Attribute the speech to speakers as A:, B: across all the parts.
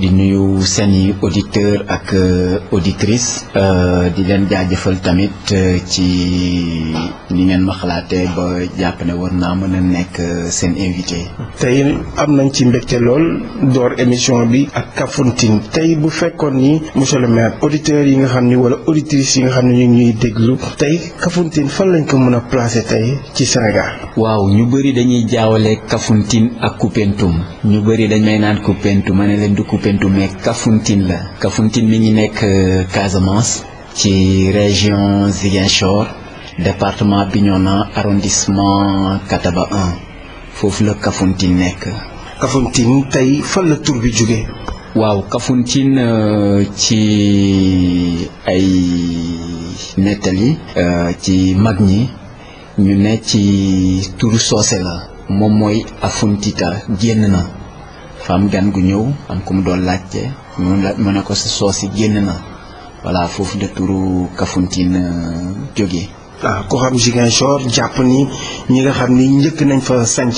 A: di nuyu seeni auditeur ak euh, auditrice euh, di leen jaajëfal tamit euh, ci ni ngeen ma xalaatee ba jàpp ne war naa mën a nekk seen invité.
B: tey am nañ ci mbégte lool door émission bi ak Kafountine tey bu fekkoon ni monsieur le maire auditeurs yi nga xam ni wala auditrices yi nga xam ne ñu ngi ñuy déglu tey Kafountine fan lañ ko mën a placer tey ci Sénégal.
A: waaw ñu bëri dañuy jaawale Kafountine ak Koupentoum ñu bëri dañ may naan Koupentoum ne leen du Koupentoum Koumpentoum mais la Kafountine mi ngi nekk euh, Casamance ci région Ziguinchor département Bignona arrondissement Kataba 1 foofu la Kafountine nekk.
B: Kafountine tey fan la tur bi jóge waaw Kafountine
A: uh, ci ay nettali euh, ci mag ñi ñu ne ci turu soose la moom mooy Afuntita génn na fa am gan gu ñëw am ku mu doon laajte mu ne ko si soos yi génn na voilà foofu de turu Kafountine euh, jógee.
B: waaw ah, ko xam Ziguinchor jàpp ni ñi nga xam ni njëkk nañ fa sanc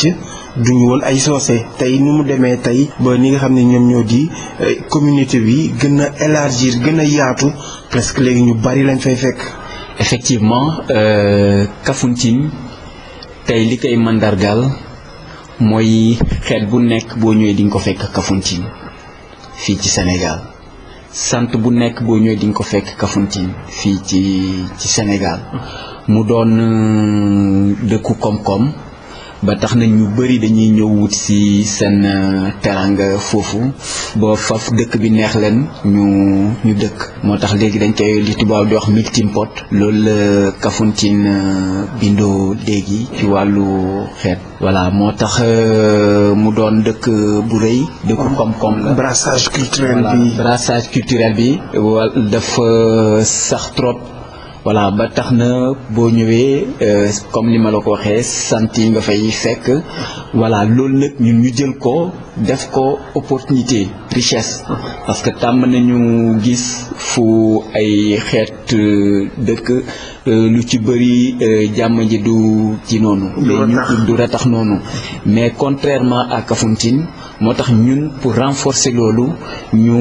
B: duñu woon ay soose tey nu mu demee tey ba ñi nga xam ne ñoom ñoo di euh, communauté bi gën a élargir gën a yaatu presque léegi ñu bari lañ fay fekk.
A: effectivement euh, Kafountine tey li koy mandargaal. mooy xeet bu nekk boo ñëwee di nga ko fekk Kafountine fii ci senegal sant bu nekk boo ñëwee di nga ko fekk Kafountine fii ci ci Sénégal mu doon euh, dëkku koom-koom ba tax na ñu bëri dañuy ñëw wut si seen euh, teranga foofu ba faf dëkk bi neex leen ñu ñu dëkk moo tax léegi dañ koy li tubaab di wax melting pot loolu la Kafountine euh, bindoo léegi ci wàllu xeet voilà moo tax euh, mu doon dëkk bu rëy dëkku koom-koom la brassage culturel bi wa culturel dafa sax trop voilà ba tax na boo ñëwee euh, comme ni ma la ko waxee sant yi nga fay fekk voilà loolu nag ñun ñu jël ko def ko opportunité richesse parce que tàmm nañu gis fu ay xeet euh, dëkk euh, lu ci bëri jàmm ji du ci noonu. du ratax noonu mais contrairement à Kafountine moo tax ñun pour renforcer loolu ñu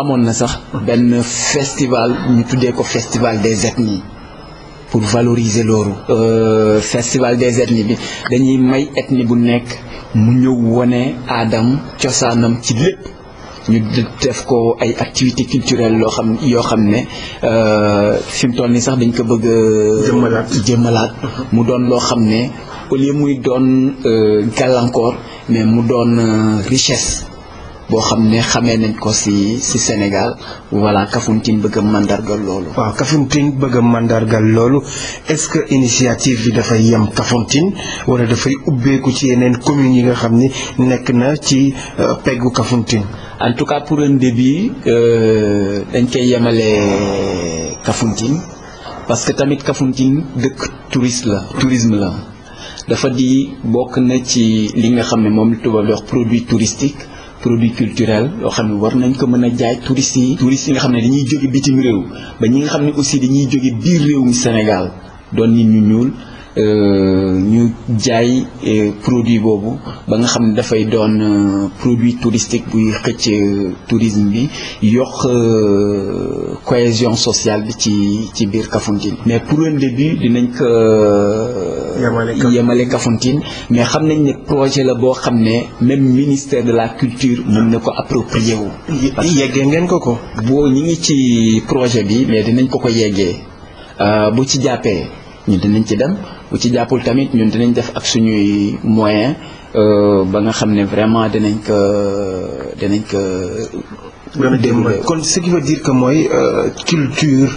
A: amoon na sax benn festival ñu tuddee ko festival des ethnies pour valoriser loolu euh, festival des ethnies bi dañuy may ethnie bu nekk mu ñëw wone aadam cosaanam ci lépp ñu def ko ay activités culturelles loo xam yoo xam ne euh, fi mu toll nii sax dañ ko bëgg a jëmmalaat mhm. mu doon loo xam ne au lieu muy doon euh, gàllankoor mais mu doon euh, richesse boo xam ne xamee nañ ko
B: si si Sénégal voilà Kafountine bëgg a loolu. waaw Kafountine bëgg a mandargal loolu est-ce que initiative bi dafay yem Kafountine wala dafay ubbeeku ci yeneen communes yi nga xam ni nekk na ci euh, peggu Kafountine.
A: en tout cas pour un début euh, dañ koy yemale Kafountine parce que tamit Kafountine dëkk touriste la tourisme la. dafa di bokk na ci li nga xam ne moom tubaab di wax produit touristique produit culturel yoo xam ne war nañ ko mën a jaay touristes yi touristes yi nga xam ne dañuy jóge bitim réew ba ñi nga xam ne aussi dañuy jóge biir réew mi Sénégal doon nit ñu ñuul ñu jaay euh, produit boobu ba nga xam ne dafay doon euh, produit touristique buy xëcc euh, tourisme bi yokk cohésion sociale bi ci ci biir Kafountine mais pour le début dinañ ko yemale Kafountine mais xam nañ ne projet la boo xam ne même ministère de la culture mën ne ko approprié wu yeggee ngeen ko ko boo ñi ngi ci projet bi mais dinañ ko ko yeggee bu ci jàppee ñu dinañ ci dem bu ci jàppul tamit ñun dinañ def ak suñuy moyen euh, ba nga xam ne vraiment dinañ ko dinañ ko kon
B: ce qui veut dire que euh, culture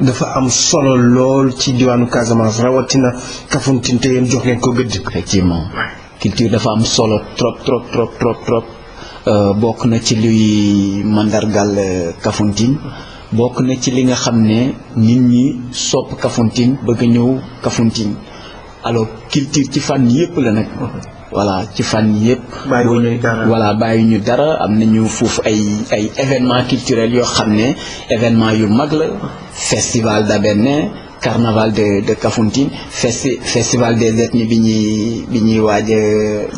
B: dafa am solo lool ci diwaanu Casamance rawatina Kafountine te yéen jox ngeen ko dafa am solo trop trop trop trop trop euh, bokk na ci luy
A: mandargal Kafountine bokk na ci li nga xam ne nit ñi sopp Kafountine bëgg ñëw Kafountine alors culture ci fànn yëpp la nag. voilà ci fan yëpp. bàyyi voilà bàyyi ñu dara am nañu foofu ay ay événements culturels yoo xam ne événement yu mag la. festival d'Abéné carnaval de de Kafountine festi festival des ethnies bi ñuy bi ñuy waaj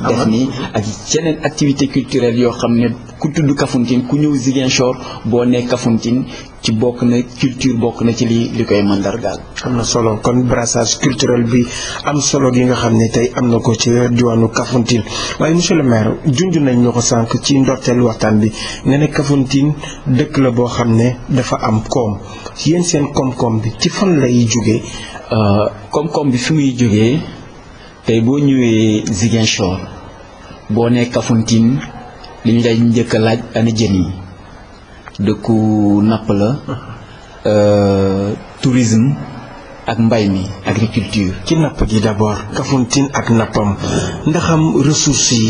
A: a def nii ak yeneen activité culturelle yoo xam ne ku tudd Kafountine ku ñëw Ziguinchor boo ne Kafountine ci bokk na culture bokk na ci li li koy mandargaal.
B: am na solo kon brassage culturel bi am solo gi nga xam ne tey am na ko ci diwaanu Kafountine waaye monsieur le maire junj nañ ñu ko sànq ci ndorteel waxtaan bi nga ne dëkk la boo xam ne dafa am koom. yéen seen koom-koom bi ci fan lay jóge euh, koom-koom bi fi muy jógee tey boo ñëwee Ziguinchor
A: boo nee Kafountine li ñu day njëkk a laaj ana jën yi dëkku napp la. Euh, tourisme
B: ak mbay mi agriculture. ci napp gi d'abord Kafountine ak nappam ndax am yi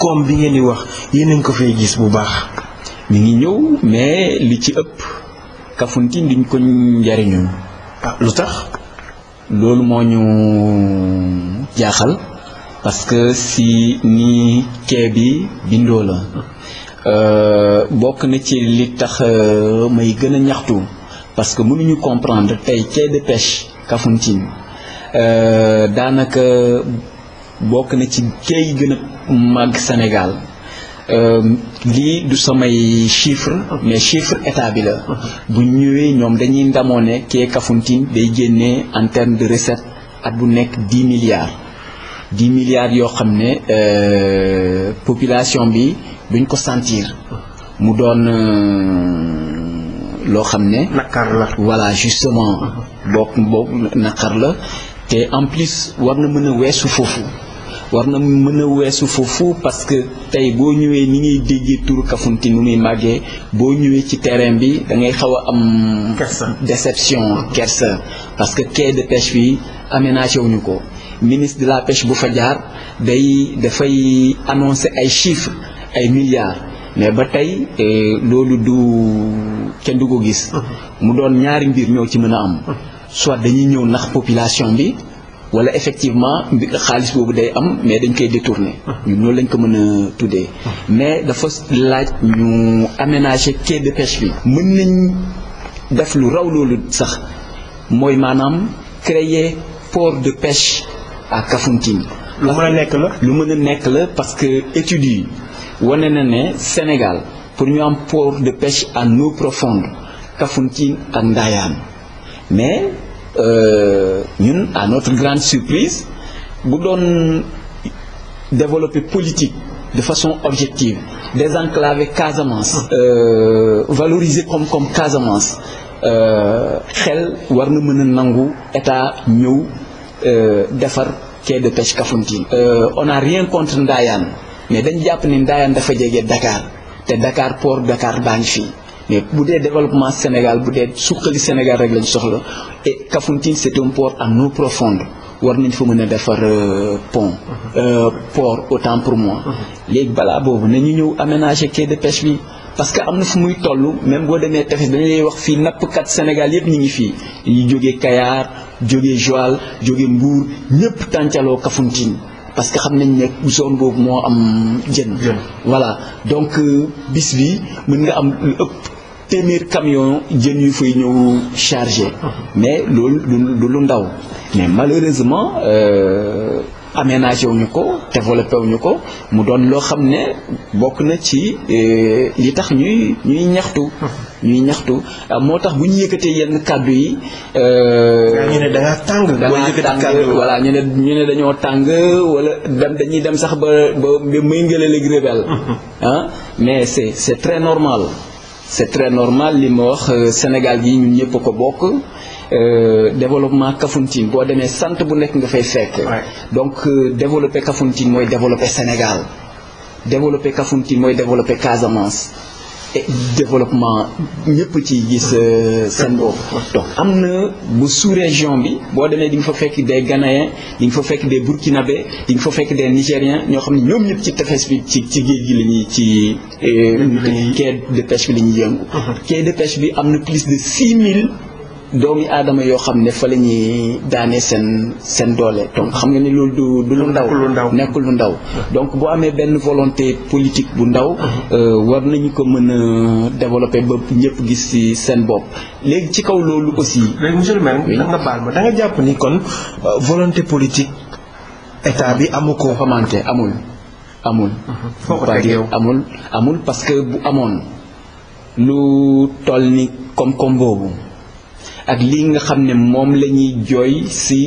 B: koom bi ngeen di wax yéen a ko fay gis bu baax. mi ngi ñëw mais li ci ëpp. Kafountine duñ ko njariñu ah, lu tax
A: loolu moo ñu jaaxal parce que si ni kee bi bindoo la euh, bokk na ci li tax euh, may gën a ñaxtu parce que mënuñu comprendre tey quai de pêche Kafountine euh, daanaka bokk na ci quai yi gën a Sénégal Euh, lii du samay chiffre mais chiffre état bi la buñ ñëwee ñoom dañuy ndamoo ne kee Kafountine day génne en terme de recette at bu nekk dix milliards dix milliards yoo xam ne euh, population bi duñ ko sentir mu doon euh, loo xam ne naqar la voilà justement bokk bokk naqar la te en plus war na mën a weesu foofu war na mën a weesu foofu parce que tey boo ñëwee ni ngay déggee turu Kafountine nu muy màggee boo ñëwee ci terrain bi da ngay xaw a am déception kerse parce que quai de pêche bi wu ñu ko ministre de la pêche bu fa jaar day dafay annoncer ay chiffres ay milliards mais ba tey eh, loolu du kenn du ko gis mu doon ñaari mbir ñoo ci mën a am soit dañuy ñëw ndax population bi wala effectivement xaalis boobu day am mais dañ koy détourner ñun loolu lañ ko mën a tuddee mais dafa laaj ñu aménager quai de pêche bi mën nañ def lu raw loolu sax mooy maanaam créer port de pêche à Kafountine lu mën a nekk la lu mën a nekk la parce que études yi wane na ne Sénégal pour ñu am port de pêche en eau profonde Kafountine ak Ndayane mais Euh, ñun à notre grande surprise bu doon développer politique de façon objective désenclaver Casamance ah. euh, valoriser comme comme Casamance euh, xel war na mën a nangu état ñëw euh, defar quai de pêche Kafountine on a rien contre ndaayaan mais dañ jàpp ni Ndayane dafa jege Dakar te Dakar port Dakar baa ngi fii mais bu dee développement Sénégal bu dee suqali Sénégal rek lañ soxla et Kafountine c'est un port am eau profonde war nañ fa mën a defar euh, pont mhm. euh, port autant pour moi mhm. léegi balaa boobu nañu ñëw aménager quai de pêche bi parce que am na fu muy toll même boo demee tefes dañu lay wax fii nappkat Sénégal yëpp ñu ngi fii ñu jóge Kayar jógee Joal jóge Mbour ñëpp tàncaloo Kafountine parce que xam nañ ne zone boobu moo am jën voilà donc euh, bis bi mën nga am lu ëpp téeméer camion jën yu fay ñëw chargé mais loolu du lu ndaw mais malheureusement euh, aménagé wuñu ko développé wuñu ko mu doon loo xam ne bokk na ci euh, li tax ñuy ñuy ñaxtu ñuy ñaxtu euh, moo tax bu ñu yëkkatee yenn kàddu yi. ñu ne da ngaa tàng. voilà ñu ne ñu ne dañoo tàng wala dem dañuy dem sax ba ba muy ngelaw léegi rebelle ah mais c'est c'est très normal. c'est très normal li ma wax euh, Sénégal gi ñun ñëpp ko bokk euh, développement Kafountine boo demee sant bu nekk nga fay fekk. donc euh, développer Kafountine mooy développer Sénégal développer Kafountine mooy développer Casamance. développement ñëpp ci gis euh, seen bopp donc am na bu sous région bi boo demee di nga fa fekk de Ghanéens di nga fa fekk des Burkinabé di nga fa fekk des nigerian ñoo xam ne ñoom ñëpp ci tefes bi ci ci géej gi la ci euh, mmh. quai de pêche bi la ñuy yëngu mmh. quai de pêche bi am na plus de six mille doomi aadama yoo xam ne fa la ñuy daanee seen seen doole donc xam nga ni loolu du du lu ndaw nekkul lu ndaw mmh. donc boo amee benn volonté politique bu ndaw mmh. euh, war nañu ko mën a développer
B: ba ñëpp gis ci seen bopp léegi ci kaw loolu aussi léegi monsieur le maire da nga baal ma jàpp ni kon euh, volonté politique état bi amu ko famante amul amul mmh.
A: amul amul parce que bu amoon lu toll ni koom-koom boobu ak lii nga xam ne moom la ñuy jooy ci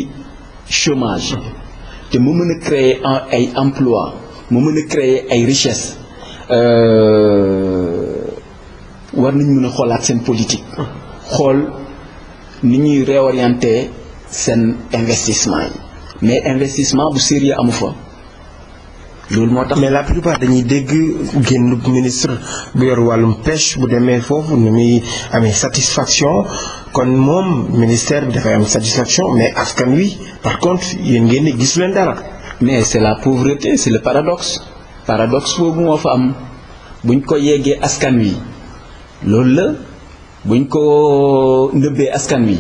A: chômage te mu mën a créer ay emploi mu mën a créer ay richesse euh, war nañ mën a xoolaat seen politique xool ni ñuy réorienter
B: seen investissement yi mais investissement bu sérieux amu fa loolu moo tax mais la plupart dañuy dégg génn ministre bu yor wàllum pêche bu demee foofu nu muy amee satisfaction kon moom ministère bi dafay am satisfaction mais askan wi par contre yéen ngeen ne gis leen dara. mais c'est la pauvreté c'est le
A: paradox paradoxe boobu moo fa am buñ ko yéegee askan wi loolu la buñ ko nëbbee askan wi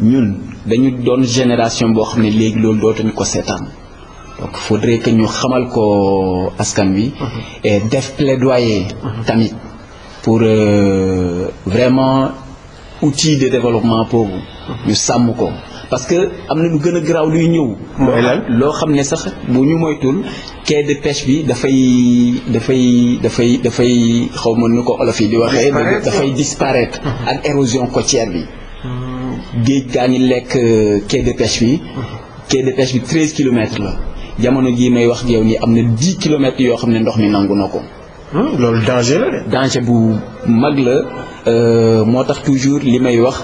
A: ñun dañu doon génération boo xam ne léegi loolu dootuñu ko seetaan. donc faudrait que ñu xamal ko askan bi mhm. et def plaidoyer. Mhm. tamit pour euh, vraiment outil de développement boobu. Mhm. ñu sàmm ko parce que am na lu gën a garaaw luy ñëw. loo xam ne sax bu ñu moytul quai de pêche bi dafay dafay dafay dafay xaw ma nu ko olof yi di waxee. dafay disparaître. ak érosion côtière bi. géej gaa ngi lekk euh, quai de pêche bi. quai de pêche bi treize kilomètres la. jamono jii may wax yow nii am na dix kilomètres yoo xam ne ndox mi nangu na ko. Hmm, loolu danger la danger bu mag la euh, moo tax toujours li may wax.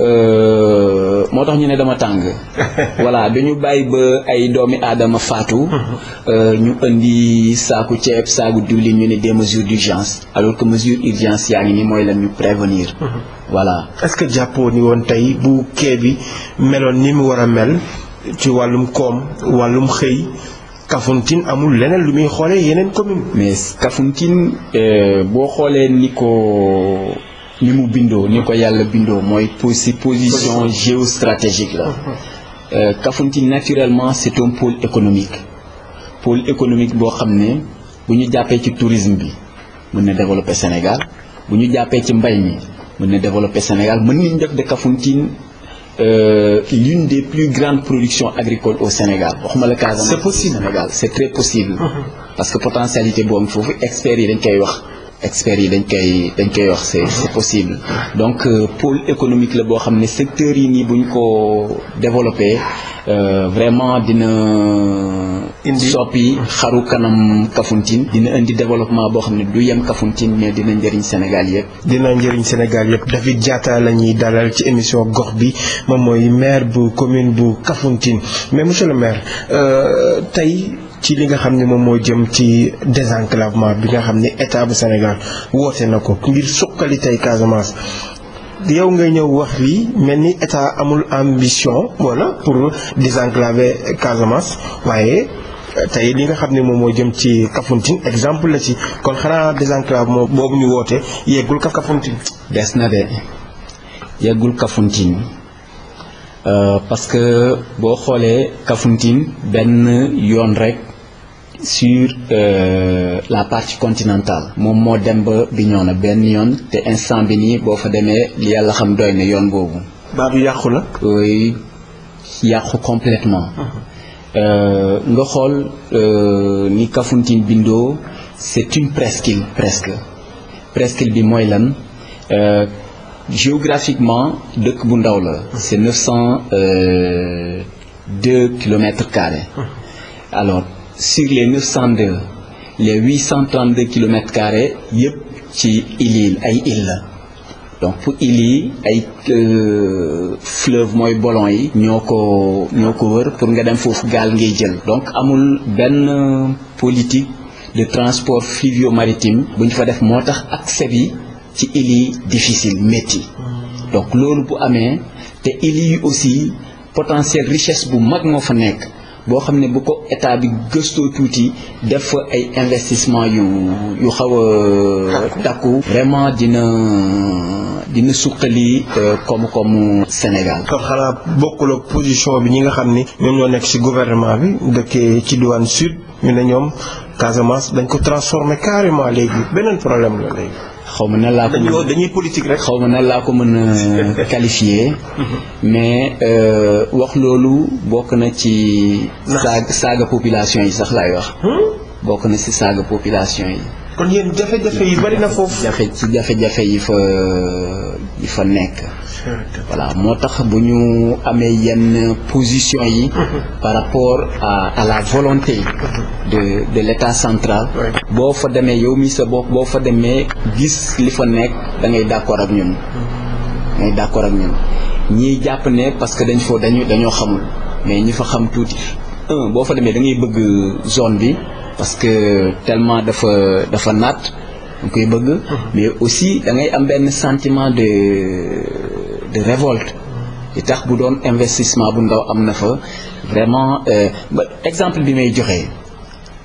A: Euh, moo tax ñu ne dama tàng voilà dañu bàyyi ba ay doomi aadama faatu euh, ñu indi saaku ceeb saaku diwlin ñu ne des mesures d'urgence alors que mesure urgence yaa ngi ni mooy lan ñu
B: prévenir hmm. voilà est-ce jàppoo ni woon tey bu kee bi meloon ni mu war a mel ci wàllum koom wàllum xëy Kafountine amul leneen lu muy xoolee yeneen commune mais Kafountine
A: euh, boo xoolee ni ko ni mu bindoo ni ko yàlla bindoo mooy posi position géostratégique la euh, Kafountine naturellement c'est un pôle économique pôle économique boo xam ne bu ñu jàppee ci tourisme bi mën na développer Sénégal bu ñu jàppee ci mbay mi mën na développer Sénégal mën nañ def de Kafountine euh, l'une des plus grandes productions agricoles au Sénégal waxuma la Casamance. c'est très possible. Mm-hmm. parce que potentialité boobu foofu experts dañ koy wax. experts yi dañ koy dañ koy wax c'est c'est possible donc euh, pôle économique la boo xam ne secteurs yi nii buñ ko développé euh, vraiment dina indi soppi xaru kanam Kafountine dina indi développement boo xam ne du yem Kafountine mais dina njëriñ Sénégal yëpp
B: dina njëriñ Sénégal yëpp David jaata la ñuy dalal ci émission gox bi moom mooy maire bu commune bu Kafountine mais monsieur le maire euh, tey ci li nga xam ne moom moo jëm ci désenclavement bi nga xam ne état bu Sénégal woote na ko ngir suqali tey Casamance. yow nga ñëw wax lii mel ni état amul ambition wala pour désenclaver Casamance waaye tey li nga xam ne moom moo jëm ci Kafountine exemple la ci kon xanaa désenclavement boobu ñu woote yeggul ka
A: des na de yeggul Kafountine euh, parce que boo xoolee Kafountine benn yoon rek. sur euh, la partie continentale moom moo dem ba na benn yoon te instant bi nii boo fa demee li yàlla xam doy na yoon boobu.
B: baa du yàqu la. oui
A: yàqu complètement uh-huh. euh, nga xool euh, ni Kafountine bindoo c'est une presqu'île presque presqu'île bi mooy lan euh, géographiquement dëkk bu ndaw la. Uh-huh. c'est neuf cent deux kilomètres carrés uh-huh. alors. sur les 902 les 832 kilomètres carrés yëpp ci îles ay îles la donc pour îles ay euh, fleuve mooy bolon yi ñoo ko ñoo ko wër pour nga dem foofu gaal ngay jël donc amul benn politique de transport fluvio-maritime bu ñu fa def moo tax accès bi ci illi yi difficile donc loolu bu amee te îles yi aussi potentiel richesse bu mag moo fa nekk boo xam ne bu ko état bi gëstoo tuuti def fa ay investissement yu yu xaw a takku vraiment dina dina suqali euh, koom-koomu Sénégal.
B: kon xanaa bokkul ak position bi ñi nga xam ni ñoom nekk ci gouvernement bi dëkkee ci diwaan sud ñu ne ñoom Casamance dañ ko transformer carrément léegi beneen problème la léegi. xaw ma nan laa ko mën rek. xaw ma nan laa ko mën qualifier mhm. mais euh, wax
A: loolu bokk na ci. saaga saaga population yi sax laay wax. Hmm? bokk na ci saaga population yi.
B: kon yéen jafe-jafe yi bari na
A: foofu. jafe ci jafe-jafe yi fa yi fa nekk. voilà moo tax bu ñu amee yenn position yi mhm. par rapport a à la volonté mhm. de l'état central boo fa demee yow mi sa bopp boo fa demee gis li fa nekk da ngay d'accord ak ñun da mhm. ngay d'accord ak ñun ñiy jàpp ne parce que dañ foo dañu dañoo xamul mais ñi fa xam tuuti boo fa demee dangay bëgg zone bi parce que tellement dafa dafa naat da koy bëgg mais aussi da am benn sentiment de de révolte li tax bu doon investissement bu ndaw am na fa vraiment euh, exemple bi may joxe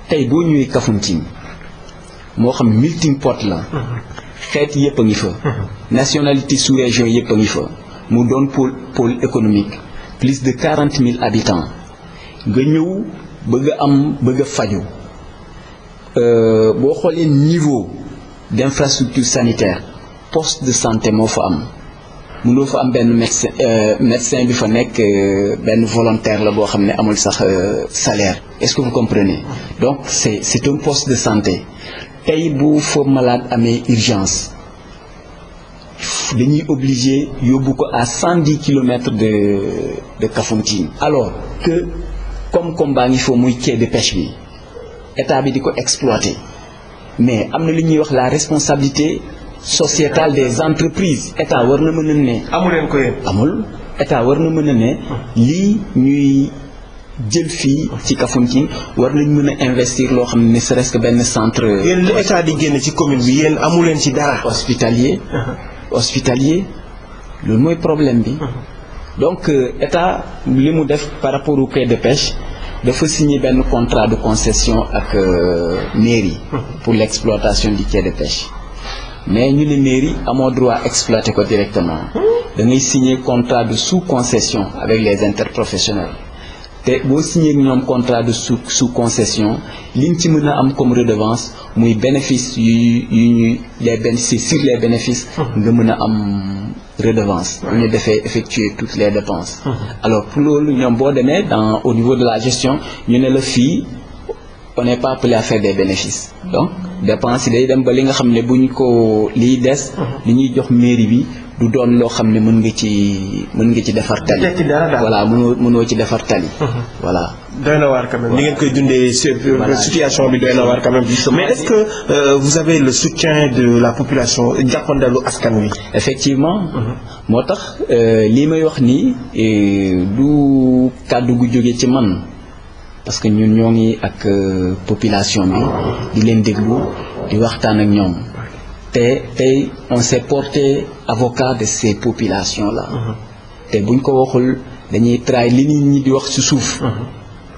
A: tey boo ñëwee Kafountine moo xam melting pot la xeet yëpp a ngi fa nationalité sous région yëpp a ngi fa mu doon pôle pôle économique plus de quarante mille habitants nga ñëw bëgg am bëgg a faju euh, boo xoolee niveau d'infrastructure sanitaire poste de santé moo fa am mënoo fa am benn médecin euh, médecin bi fa nekk euh, benn volontaire la boo xam ne amul sax euh, salaire est-ce que vous comprenez donc c'est c'est un poste de santé tey bu fa malade amee urgence dañuy obligé yóbbu ko à cent dix kilomètres de de Kafountine alors que comme combat ngi fa muy quai de pêche bi état bi di ko exploiter mais am na lu ñuy wax la responsabilité sociétale des entreprises état war na mën na ne. amuleen ko yéen amul état war na mën na ne lii ñuy. jël fii ci Kafountine war nañ mën a investir loo xam ne ne serait benn centre. yéen
B: li état di génn ci commune bi yéen amu leen ci dara.
A: hospitalier. Uh-huh. hospitalier loolu mooy problème bi. Uh-huh. donc euh, état li mu def par rapport au quai de pêche dafa signer benn contrat de concession ak euh, mairie. Uh-huh. pour l'exploitation di quai de pêche. mais ñu ne mairie amoo droit exploiter ko directement da ngay signer contrat de sous-concession avec les interprofessionnels te boo signé ñoom contrat de sous sous concession li ñu ci mën a am comme redevance muy bénéfice yu yu ñuy si bénéfices sur les bénéfices. nga mën a am redevance. bu ñu defee effectuer toutes les dépenses. alors pour loolu ñoom boo demee dans au niveau de la gestion ñu ne la fii. on n'est pas appelé à faire des bénéfices donc dépense yi day dem ba li nga xam ne bu ñu ko liy des mhm. li ñuy jox mairie bi du doon loo xam ne mën nga ci mën nga ci defar tali voilà mënoo mënoo ci defar tali mhm. voilà
B: doy na waar quand même ni ngeen koy dundee euh, situation bi doy na waar quand mais est-ce que euh, vous avez le soutien de la population jàppandalu askan wi effectivement mhm.
A: moo tax euh, lii may wax nii du kàddu gu jóge ci man parce que ñun ñoo ngi ak euh, population bi di leen déglu di waxtaan ak ñoom te tey on s'est porté avocat de ces populations là uh-huh. te buñ ko waxul dañuy tray li nit ñi di wax ci suuf uh-huh.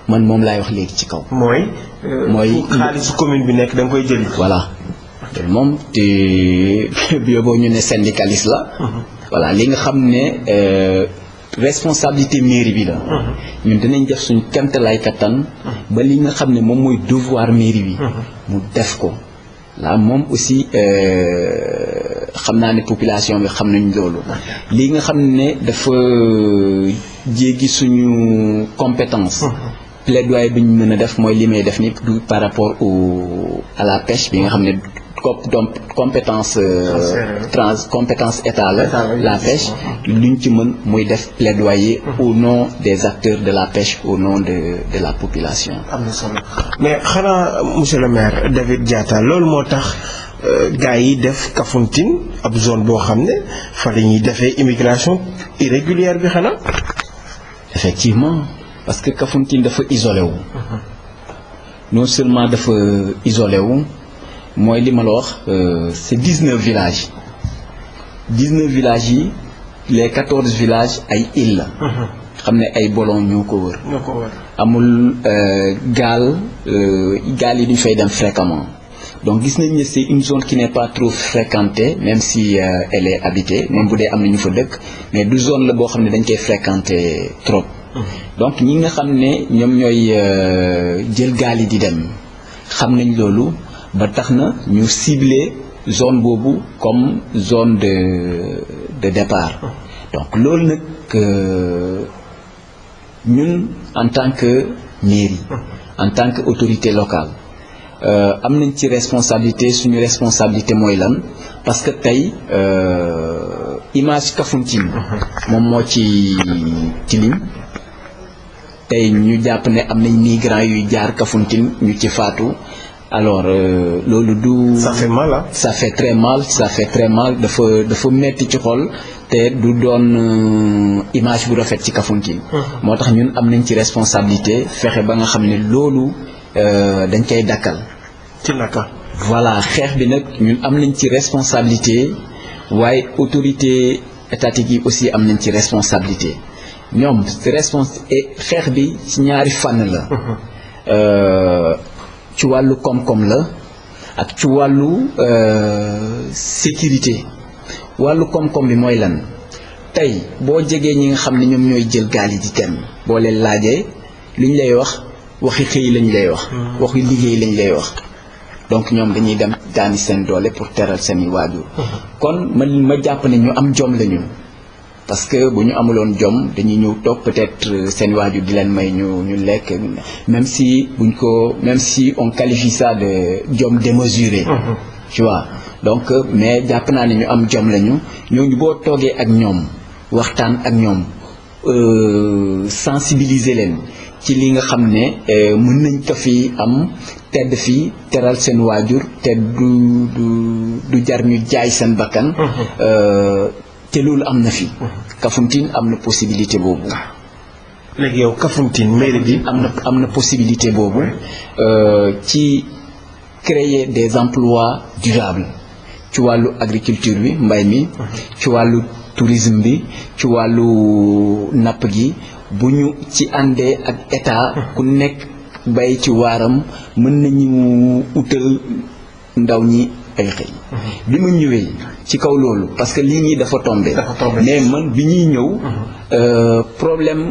A: man moom laay wax léegi ci kaw mooy
B: euh, mooy xaalisu
A: commune bi nekk da koy jëli voilà te moom te bio boo ñu ne syndicaliste la
B: uh-huh. voilà li nga xam
A: ne euh, responsabilité mairie bi la. Mhm. ñun dinañ def suñ kemtalaay kattan. Mhm. ba li nga xam ne moom mooy devoir mairie bi. Mhm. mu def ko la moom aussi euh, xam naa ne population bi xam nañ loolu. li nga xam ne dafa jéggi suñu compétence. plaidoyer bi ñu mën a def mooy li may def ni du par rapport au à la pêche bi nga xam ne. compétence euh, trans compétence état la la pêche ñu ci mën muy def plaidoyer mm-hmm. au nom des acteurs de la pêche au nom de de la population
B: am mais xanaa monsieur le maire David Diatta loolu moo tax euh, gaa yi def Kafountine ab zone boo xam ne fa la ñuy defee immigration irrégulière bi xanaa effectivement parce que Kafountine dafa isolé wu mm-hmm.
A: non seulement dafa isolé mooy li la wax euh, c'est dix-neuf villages dix-neuf villages yi les quatorze village ay il la mhm. xam ne ay bolon ñoo ko wër amul euh, gaal euh, gaal yi duñ fay dem fréquemment donc gis nañ ne c'est une zone qui n'est pas trop fréquentée même si euh, elle est habitée même bu dee am na ñu fa dëkk mais du zone la boo xam ne dañ koy fréquenter trop mhm. donc ñi nga xam ne ñoom ñooy jël gaal yi di dem xam nañ loolu ba tax na ñu ciblé zone boobu comme zone de de départ donc loolu nag euh, ñun en tant que mairie en tant que autorité locale euh, am nañ ci responsabilité suñu responsabilité mooy lan parce que tey euh, image Kafountine moom moo ci tilim tey ñu jàpp ne am nañ migrants yuy jaar Kafountine ñu ci faatu alors euh, loolu du. mal ah. fait très mal fait très mal dafa dafa metti ci xol te du doon euh, image bu rafet ci Kafountine. moo tax ñun am nañ ci responsabilité fexe ba nga xam ne loolu euh, dañ koy dakkal. ci naka. voilà xeex bi nag ñun am nañ ci responsabilité waaye autorité étatique yi aussi am nañ ci responsabilité ñoom respons xeex bi ci ñaari fànn la. ci wàllu koom-koom la ak ci wàllu euh, sécurité wàllu koom-koom bi mooy lan tey boo jegee ñi nga xam ne ñoom ñooy jël gaal yi di dem boo leen laajee ñu lay wax waxi xëy lañ lay wax. Hmm. waxi liggéey lañ lay wax. donc ñoom dañuy dem daani seen doole pour teral seen i waajur. Hmm. kon man ma jàpp ne ñu am jom lañu parce que bu ñu amuloon jom dañuy ñëw toog peut-être euh, seen waajur di leen may ñu ñu lekk même si buñ ko même si on qualifie ça de jom démesuré. Mm-hmm. tu donc euh, mais jàpp naa ne ñu am jom lañu ñooñu boo toogee ak ñoom waxtaan ak ñoom euh, sensibiliser leen ci li nga xam ne mën nañ ko fi am tedd fi teral seen waajur te du du du jar ñu jaay seen bakkan. Mm-hmm. te loolu am na fi. Mm-hmm. Kafountine am na possibilité boobu. Ah.
B: léegi yow bi. am na am na
A: possibilité boobu mm-hmm. euh, ci créer des emplois durables ci wàllu agriculture bi mbay mi. Mm-hmm. ci wàllu tourisme bi ci wàllu napp gi bu ñu ci àndee ak état ku nekk bay ci waaram mën nañu utal ndaw ñi. tarixa yi bi ma ñëwee ci kaw loolu parce que lii nii dafa tombé mais man bi ñuy ñëw mhm. euh, problème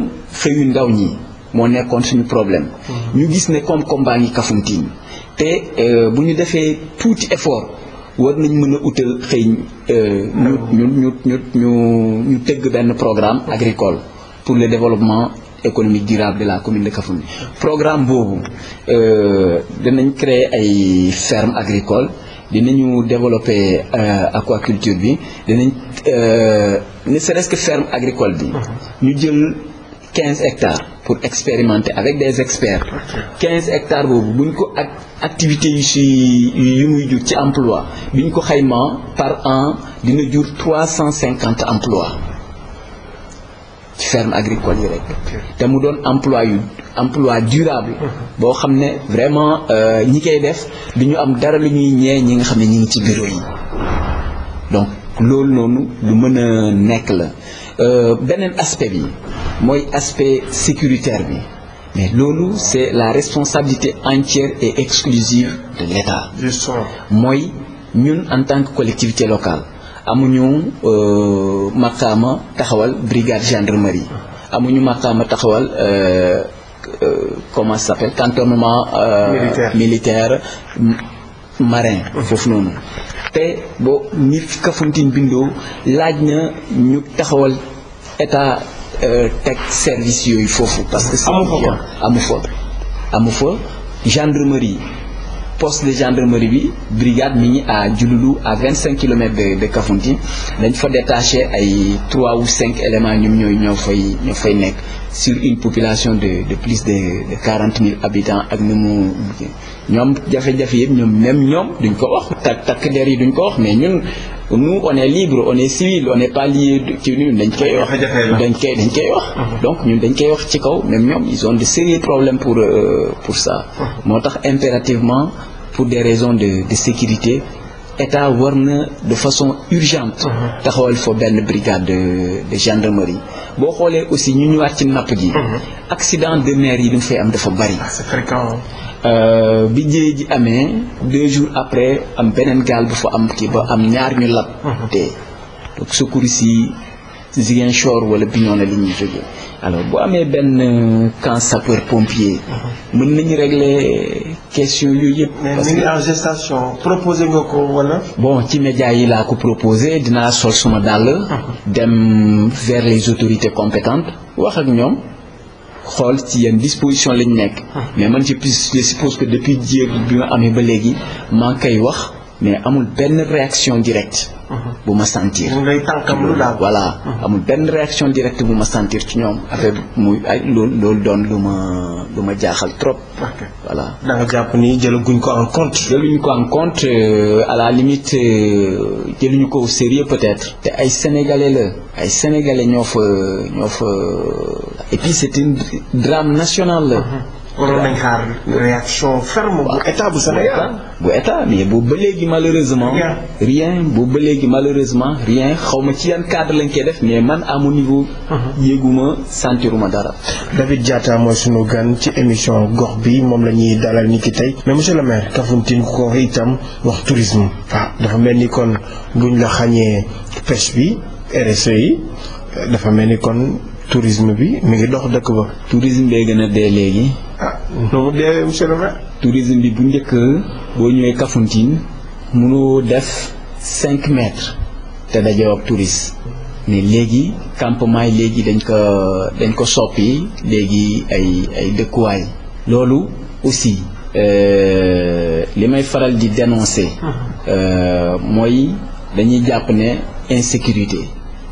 A: xëyu ndaw ñi moo nekkoon suñu problème mhm. ñu gis ne koom-koom baa ngi Kafountine te euh, bu ñu defee tuuti effort war nañ mën a utal xëy euh, ñu ñu ñu ñu ñu ñu tëgg benn programme mhm. agricole pour le développement économique durable de la commune de Kaffrine programme boobu danañ créer ay ferme agricole dinañu développer euh, aquaculture bi dinañ euh, ne serait-ce que ferme agricole bi. Mhm. ñu jël quinze hectares pour expérimenter avec des experts. quinze hectares boobu buñ ko ak activité yu si yu muy jur ci emploi bi ñu ko xaymaa par an dina jur trois cent cinquante emplois ci ferme agricole yi rek. te mu doon emploi yu emploi durable boo xam ne vraiment euh, ñi koy def du ñu am dara lu ñuy ñee ñi nga xam ne ñi ngi ci bureau yi donc loolu noonu lu mën a nekk la euh, beneen aspect bi mooy aspect sécuritaire bi mais loolu c'est la responsabilité entière et exclusive de l'État mooy ñun en tant que collectivité locale amuñu euh, maqaama taxawal brigade gendarmerie amuñu maqaama taxawal Euh, comment ça s'appelle cantonnement euh, militaire marin foofu noonu te boo ni Kafountine bindoo laaj na ñu taxawal état euh, teg service yooyu foofu parce que amu fa amu fa amu fa poste de gendarmerie bi brigade mi ngi à Diouloulou à vingt cinq kilomètres de de dañ fa détaché ay trois ou cinq éléments ñoom ñooy ñoo fay ñoo fay nekk sur une population de de plus de de quarante mille habitants ak nu mu ñoom jafe-jafe yëpp ñoom même ñoom duñ ko wax takk takk der yi duñ ko wax mais ñun nous on est libre on est civil on est pas ci dañ koy wax dañ koy dañ koy wax ah. donc ñun dañ koy wax ci kaw même ñoom ils ont de sérieux problèmes pour euh, pour ça ah. moo tax impérativement pour des raisons de de sécurité état war na de façon urgente mhm. taxawal foo benn brigade de de gendarmerie boo xoolee aussi ñu ñëwaat ci napp gi mhm. accident de mer yi lu mu fay am dafa bari ah, c'est fréquent euh, bi jéey ji amee deux jours après am beneen gaal bu fa am kii ba am ñaar ñu lab mhm. te donc secours yi Ziguinchor wala Bignona li ñuy jógee alors bu amee benn camp sapeur pompier. mën nañu régler question yooyu yëpp. parce que
B: mais ko wala.
A: bon ci médias yi laa ko proposé dinaa sol suma dàll. dem vers les autorités compétentes wax ak ñoom. xool ci yenn disposition lañ nekk. mais man je je suppose que depuis jéeg bi ma amee ba léegi maa ngi koy wax mais amul benn réaction directe. Uh-huh. bu ma sentir voilà uh-huh. amul benn réaction directe bu ma sentir ci ñoom affaire muy ay lool loolu doon lu ma lu ma jaaxal trop voilà da nga jàpp ni jëlaguñ ko en compte jëluñu ko en compte euh, à la limite euh, jëluñu ko au sérieux peut-être te ay sénégalais la ay sénégalais ñoo fa ñoo fa et puis drame national waroon nañ xaar réaction ferme
B: bu état bu Sénégal
A: bu état mais boobu ba léegi malheureusement rien boobu ba léegi malheureusement rien xaw ma ci yan cadre lañ koy def mais man à mon niveau uh-huh. yéeguma sentiruma dara
B: David jaata mooy suñu gan ci émission gox bi moom la ñuy dalal ni ki tey mais monsieur le maire Kafountine ko itam wax tourisme waaw ah, dafa mel ni kon buñ la xañee pêche bi e yi dafa mel ni kon tourisme bi mu ngi dox dëkk ba tourisme bee gën a dee léegi ah donc de monsieur le maire. bi bu njëkk boo
A: ñëwee Kafountine mënoo def cinq mètres te dajoo ak mais léegi campement yi léegi dañ ko dañ ko soppi léegi ay ay dëkkuwaay loolu aussi euh, li may faral di dénoncer ah. euh, mooy dañuy jàpp ne insécurité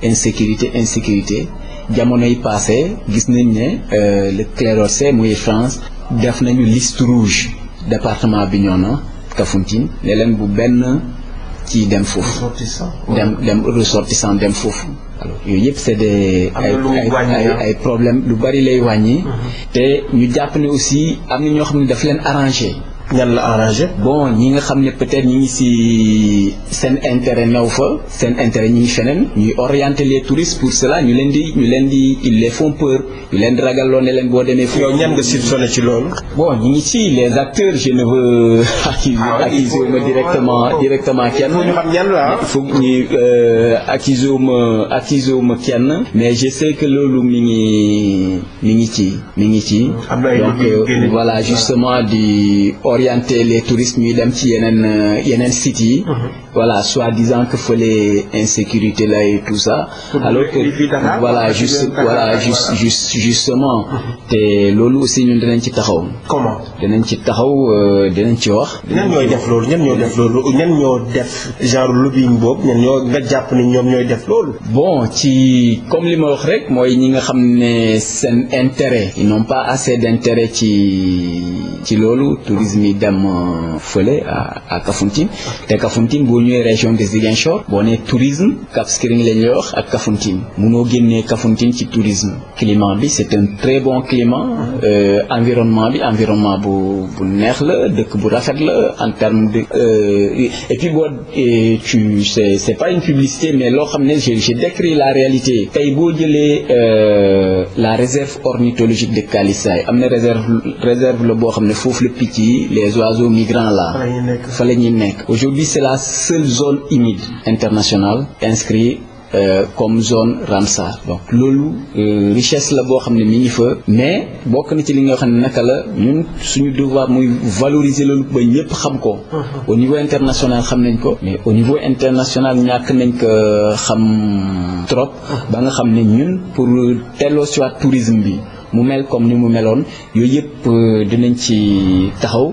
A: insécurité insécurité jamono yi passé gis nañ ne euh, le Clérocé muy France def nañu liste rouge ñoo na Kafountine ne leen bu benn ci dem foofu dem dem ressortissant dem foofu yooyu yëpp c'est des ay ay ay ah. problème lu bari lay wàññi mhm. te ñu jàpp ne aussi am na ñoo xam ne daf leen arrangé ñan ñi nga xam ne peut-être ñi ngi si seen intérêt new fa seen intérêt ñi ngi feneen ñuy orienter les touristes pour cela ñu leen di ñu leen di ils les font peur ñu leen di ragal loo ne leen boo demee. yow ñan nga soupçonné ci loolu. bon ñi ngi si les acteurs je ne veux. Ah accuser ma directement directement kenn. ñu xam ñan la ah. foog ñu euh, accuser ma accuser ma kenn mais je sais que loolu mi ngi mu ngi ci mu ngi ci. donc euh, justement di. orienter les touristes ñuy dem ci yeneen euh, yeneen sites yi mhm. voilà soi-disant que fële insécurité la et tout ça. alors que voilà juste voilà juste juste justement. te loolu aussi ñun dinañ ci taxaw. comment dinañ ci taxaw euh, dinañ ci wax. ñan ñooy def
B: loolu ñan ñoo def loolu ñan ñoo def genre lobbying boobu ñan ñoo nga jàpp ni ñoom ñooy def loolu. bon ci comme li ma wax rek mooy
A: ñi nga xam ne seen intérêt. ils n'ont pas assez d'intérêt ci ci loolu tourisme yi dem euh, fële à à Kafountine te Kafountine ñëwee région de Ziguinchor boo nee tourisme Cap Skirring lañ lay wax ak Kafountine munoo génnee Kafountine ci tourisme climat bi c'est un très bon climat euh, environnement bi environnement bu bu neex la dëkk bu rafet la en terme de euh, et puis boo tu c'est c'est pas une publicité mais loo xam ne j'ai j'ai décrit la réalité tey boo jëlee euh, la réserve ornithologique de Kalissaay am na réserve la boo xam ne foofu la picc les oiseaux migrants là fa la nekk aujourd'hui c'est la seule zone humide internationale inscrite Euh, comme zone Ramsar donc loolu euh, richesse la boo xam ne mi ngi fa mais bokk na ci li nga xam ne naka la ñun suñu devoir muy valoriser loolu ba ñëpp xam ko uh-huh. au niveau international xam nañ ko mais au niveau international ñàkk nañ ko euh, xam trop uh-huh. ba nga xam ne ñun pour telloo siwaat tourisme bi mu mel comme ni mu meloon yooyu yëpp euh, dinañ ci taxaw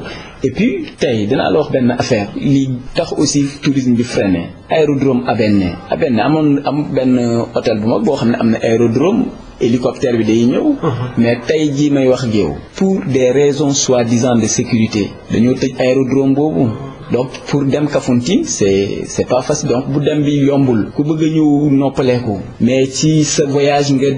A: et puis tey dinaa la wax benn affaire lii tax aussi tourisme bi freiné aérodrome Abenne Abenne amoon am benn hôtel bu mag boo xam ne am na aérodrome hélicoptère bi day ñëw uh-huh. mais tey jii may wax géew pour des raisons soi-disant de sécurité dañoo tëj aérodrome boobu donc pour dem Kafountine c'est c'est pas facile donc bu dem bi yombul ku bëgg ñu noppaleeku mais ci sa voyage nga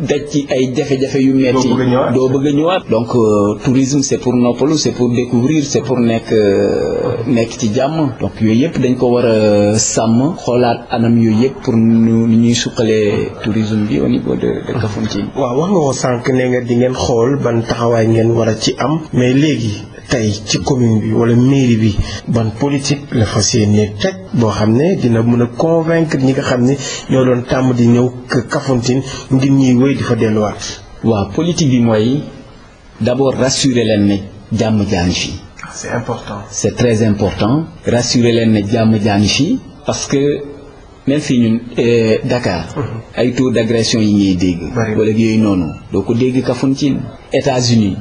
A: daj ci ay jafe-jafe yu metti doo bëgg a ñëwaat donc euh, tourisme c'est pour noppalu c'est pour découvrir c'est pour nekk euh, nekk ci jàmm donc yooyu yëpp dañ ko war a sàmm xoolaat anam yooyu yëpp pour ñu ñuy suqalee tourisme bi au niveau de de
B: waaw wax nga ko sànq ne nga di ngeen xool ban taxawaay ngeen war a ci am mais léegi tey ci commune bi wala mairie bi ban politique la fas yéenee teg boo xam ne dina mun a convaincre ñi nga xam ne ñoo doon tàmm di ñëw Kafountine ngir ñuy wéy di fa delluwaat. waaw politique bi mooy
A: d'abord rassurer leen ne jàmm jaani fii.
B: Ah, c'est important.
A: c'est très important rassurer leen ne jàmm jaani fii parce que. même fii ñun eh, dakaar mhm. ay taux d'agression yi ngay dégg. wala yooyu noonu doo ko dégg Kafountine États-Unis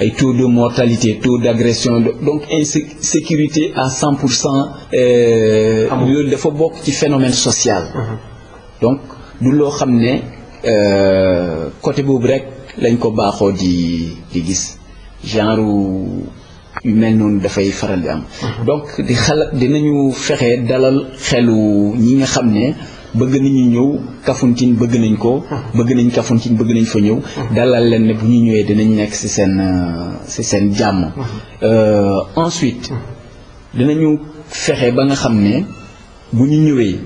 A: ay taux de mortalité taux d'agression donc insécurité à cent pour cent euh, loolu dafa bokk ci phénomène social mhm. donc du loo xam ne euh, côté boobu rek lañ ko baaxoo di di gis genre yu mel noonu dafay faral di am mhm. donc di xalaat dinañu fexe dalal xelu ñi nga xam ne bëgg nañu ñëw Kafountine bëgg nañ ko bëgg nañ Kafountine bëgg nañu fa ñëw dalal leen ne bu ñu ñëwee dinañ nekk ci seen euh, ci seen jàmm euh, ensuite dinañu fexe ba nga xam ne bu ñu ñëwee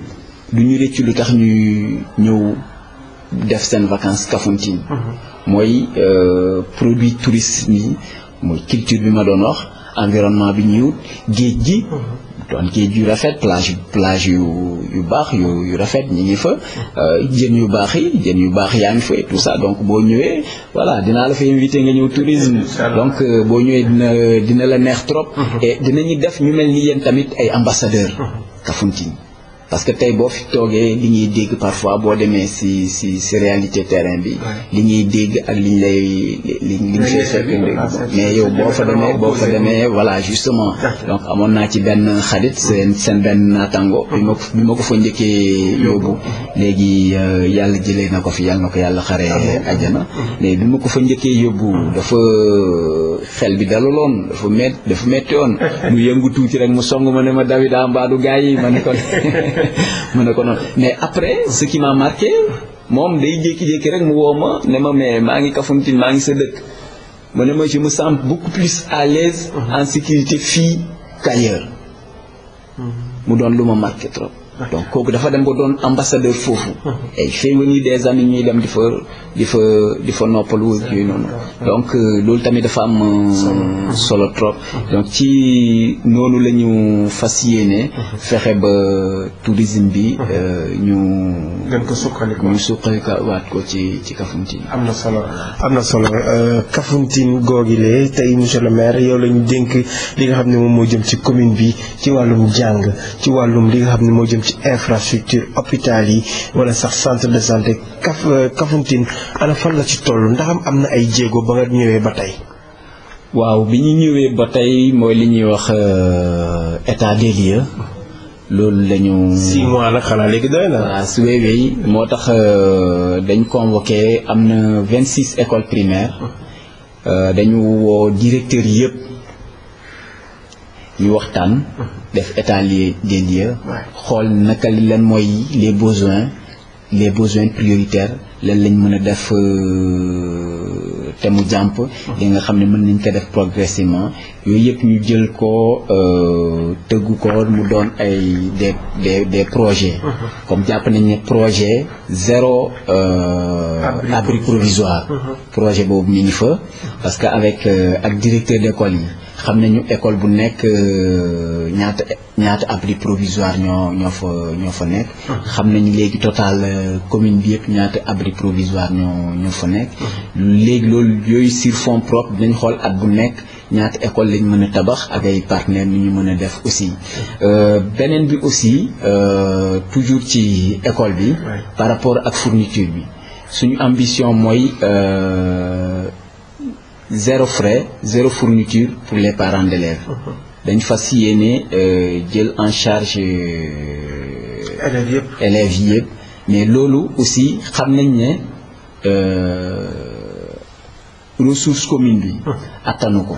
A: du ñu rëccu lu tax ñuy ñëw def seen vacances Kafountine mooy euh, produit tourisme yi mooy culture bi ma doon wax environnement bi ñuy wut géej gi doon géej yu rafet plage plage yu yu baax yu yu rafet ñi ngi fa euh, jën yu baax yi jën yu baax yaa ngi fa tout ça donc boo ñëwee voilà dinaa la fa invité nga ñëw tourisme donc euh, boo ñëwee dina dina la neex trop mmh. et dinañu def ñu mel ni yéen tamit ay ambassadeur mmh. Kafountine parce que tey boo fi toogee li ñuy dégg parfois boo demee si si si réalité terrain bi. li ngi dégg ak li ñu lay li ñu fee mais ah, boo fa demee boo fa demee amoon naa ci benn xarit seen seen benn naataango. bi ma ko fa njëkkee yóbbu. léegi euh, yàlla jëlee na ko fi yàlla na ko yàlla xaree ah àjjana. Mm-hmm. Mm-hmm. mais bi ma ko fa njëkkee yóbbu dafa euh, xel bi dalaloon dafa mét dafa métti woon. mu yëngu tuuti rek mu song ma ne ma Dawida ah, Mbadou gars yi ma ne ko. mu ne ko noonu mais après ce qui m'a marqué moom day jékki-jékki rek mu woo ma ne ma mais maa ngi Kafountine maa ngi sa mu ne ma je me sens beaucoup plus à l'aise en sécurité fii qu'ailleurs mhm. mu doon lu ma marqué trop donc kooku dafa dem ba doon ambassadeur foofu ay féewani des amis ñuy dem di fa di fa di fa noppalu yooyu noonu donc euh, loolu tamit dafa am euh, solo trop donc ci noonu la ñu fas yéene fexe ba tourisme bi euh, ñu ngeen ko sukkandiku. ñu sukkandikuwaat ko ci ci Kafountine. am na solo am
B: na solo euh, Kafountine googile tey monsieur le maire yow la ñu dénk li nga xam ne moom moo jëm ci commune bi ci wàllum jàng ci wàllum li nga xam ne moo jëm ci infrastructure hôpital yi wala sax centre de santé Kaf euh, Kafountine ana fan la ci toll ndax am na ay jéego ba nga ñëwee ba tey.
A: waaw bi ñu ñëwee ba tey mooy li ñuy wax euh, état des loolu lañu ñu. six mois nag xanaa léegi doy na. waaw su weewee moo tax euh, dañ convoqué am na vingt six écoles primaires euh, dañu woo directeurs yëpp ñu waxtaan. def état des lieux. xool naka lan mooy les besoins les besoins prioritaires lan lañ mën a def. Euh, te mu jàmp li nga xam ne mën nañ ko def progressivement yooyu yëpp ñu jël ko euh, tëggu ko mu doon ay des des des projets uh-huh. comme jàpp nañ ne projet zéro euh, abri provisoire uh-huh. projet boobu mi ngi fa parce que avec euh, ak directeur d'école yi xam nañu école bu nekk ñaata ñaata abri provisoire ñoo ñoo fa ñoo fa nekk uh-huh. xam nañu léegi léegi loolu école yooyu sur fonds propres dinañ xool at bu nekk ñaata école lañ mën a tabax ak ay partenaires yu ñu mën a def aussi euh, beneen bi aussi euh, toujours ci école bi par rapport ak fourniture bi suñu ambition mooy euh, zéro frais séro fourniture pour les parents d'élèves uh-huh. dañ fas yéene jël en charge élèves mais loolu aussi xam nañ ne ressource commune bi. Hmm. attanu ko.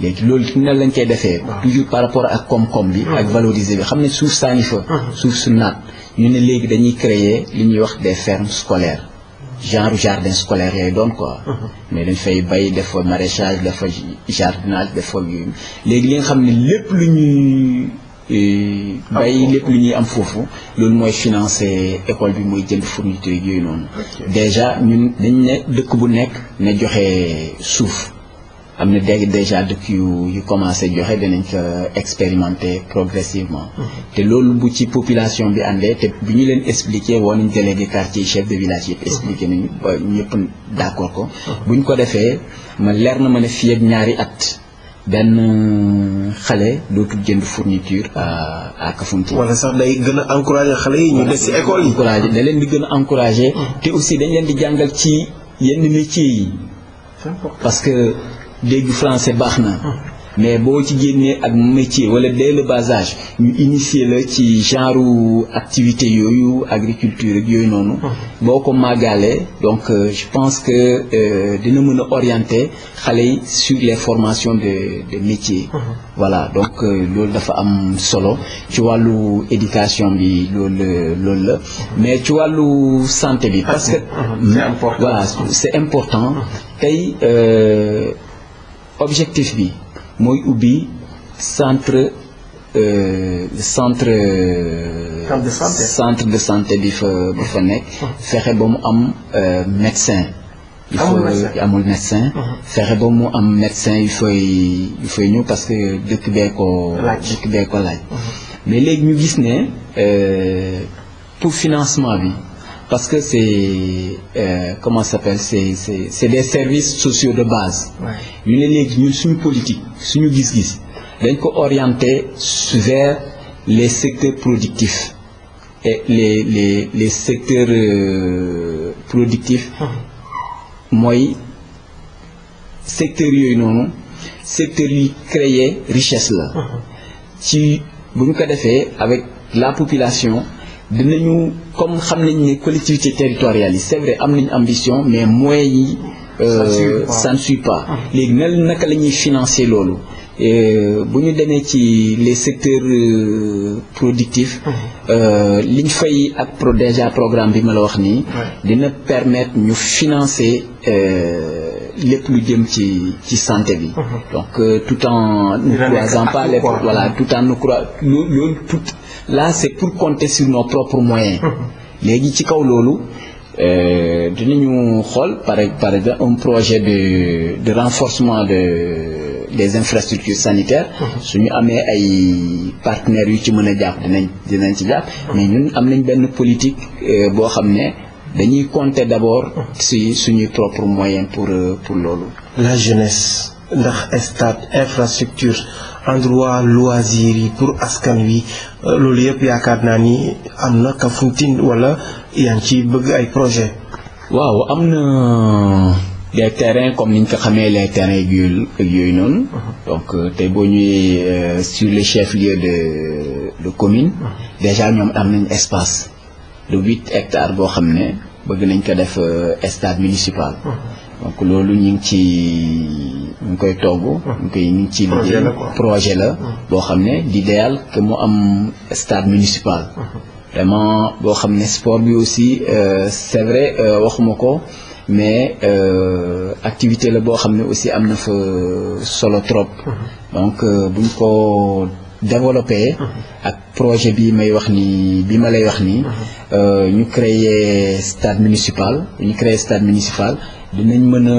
A: léegi loolu nan lañ koy defee. Hmm. toujours par rapport ak koom-koom bi. Hmm. ak valoriser bi xam ne suuf saa ngi fa. suuf su naat ñu ne léegi dañuy créer li ñuy wax des fermes scolaires genre jardin scolaire yooyu doon quoi. mais dañ fay bay def fa maraîchage def fa jardinage def fa léegi li nga xam ne lépp lu ñuy. bay ah, lépp lu ñuy am foofu loolu mooy financer école bi mooy jënd fourniture yooyu noonu déjà ñun dañ ne dëkk bu nekk na joxe suuf am na dégg déjà dëkk yu yu commencé joxe danañ ko expérimenter progressivement te loolu bu ci population bi àndee te bu ñu leen expliquer woo nañ délégué quartier chef de village yëpp expliqué nañu ñëpp d'accord ko buñ ko defee ma leer na ma ne fii ak ñaari at benn xale dootul jënd fourniture euh, à Kafountine.
B: wala sax day gën a encourager xale yi ñu des ci école yi. encourager
A: leen di gën a encourager. Mm. te aussi dañ leen di jàngal ci yenn métiers yi. parce que dégg français baax na. Mm. mais boo ci génnee ak métier wala dès le bas ñu initier la ci genre activité yooyu agriculture ak yooyu noonu boo ko màggalee donc euh, je pense que euh, dina mën a orienter xale yi sur les formations de de métier mm -hmm. donc euh, loolu dafa am solo ci wàllu éducation bi loolu euh, loolu la mais ci wàllu santé bi parce que voilà c'est important tey objectif bi mooy ubbi centre euh, centre. centre de santé centre bi fa bi nekk. Oh. fexe ba mu am euh, médecin. il faut amul médecin uh-huh. fexe ba mu am médecin yu fay yu ñëw parce que dëkk bee ko dëkk bee ko laaj uh-huh. mais léegi ñu gis ne pour euh, financement bi parce que c'est euh, comment ça s'appelle des services sociaux de base. ñu ne léegi ñun suñu politique suñu gis-gis dañ ko orienté ver les secteurs productifs et les les les secteurs euh, productifs. Ah. mooy secteurs yooyu noonu secteurs yuy créer richesse la. Ah. ci bu ñu ko defee avec la population. ñu comme xam nañ ni collectivité territoriale yi c'est vrai am nañ ambition mais mooy yi euh, ça ne suit pas ah. léegi nan naka la ñuy financer loolu bu ñu demee ci les secteurs euh, productifs ah. euh, li ñu fay ak pro déjà programme bi ma la wax nii dina permettre ñu financer euh, lépp lu jëm ci ci santé bi ah. donc euh, tout en ne croisant pas les voilà tout en ne croisant loolu tout là c'est pour compter sur nos propres moyens léegi ci kaw loolu euh, dinañu xool par par exemple un projet de de renforcement de des infrastructures sanitaires suñu amee ay partenaires yu ci mën a jàpp dinañ dinañ ci jàpp mais ñun am nañ benn politique euh, boo xam ne dañuy compter d'abord si suñuy propres moyens pour euh, pour loolu
B: la jeunesse ndax stade infrastructure endroit loisir yi pour askan wi euh, loolu yëpp yaakaar naa ni am na Kafountine wala yaa ngi ci bëgg ay projet
A: waaw am na des terrain comme ni ñu ko xamee les terrains yooyu yooyu noonu. Uh-huh. donc euh, te boo ñëwee euh, sur les chefs-lieux de de commune. Uh-huh. déjà ñoom am nañ espace de huit hectares boo xam ne bëgg nañ ko def stade municipal. Uh-huh. donc loolu ñu ci ñu ngi koy togg. ñu hmm. koy ñu ngi ciy liggéey projet la hmm. boo xam ne l'idéal que mu am stade municipal. Hmm. vraiment boo xam ne sport bi aussi euh, c'est vrai euh, waxuma ko mais euh, activité la boo xam ne aussi am na fa solo trop. donc buñ ko développé. ak projet bi may wax ni bi ma lay wax nii. ñu créer stade municipal ñu créer stade municipal. dinañ mën a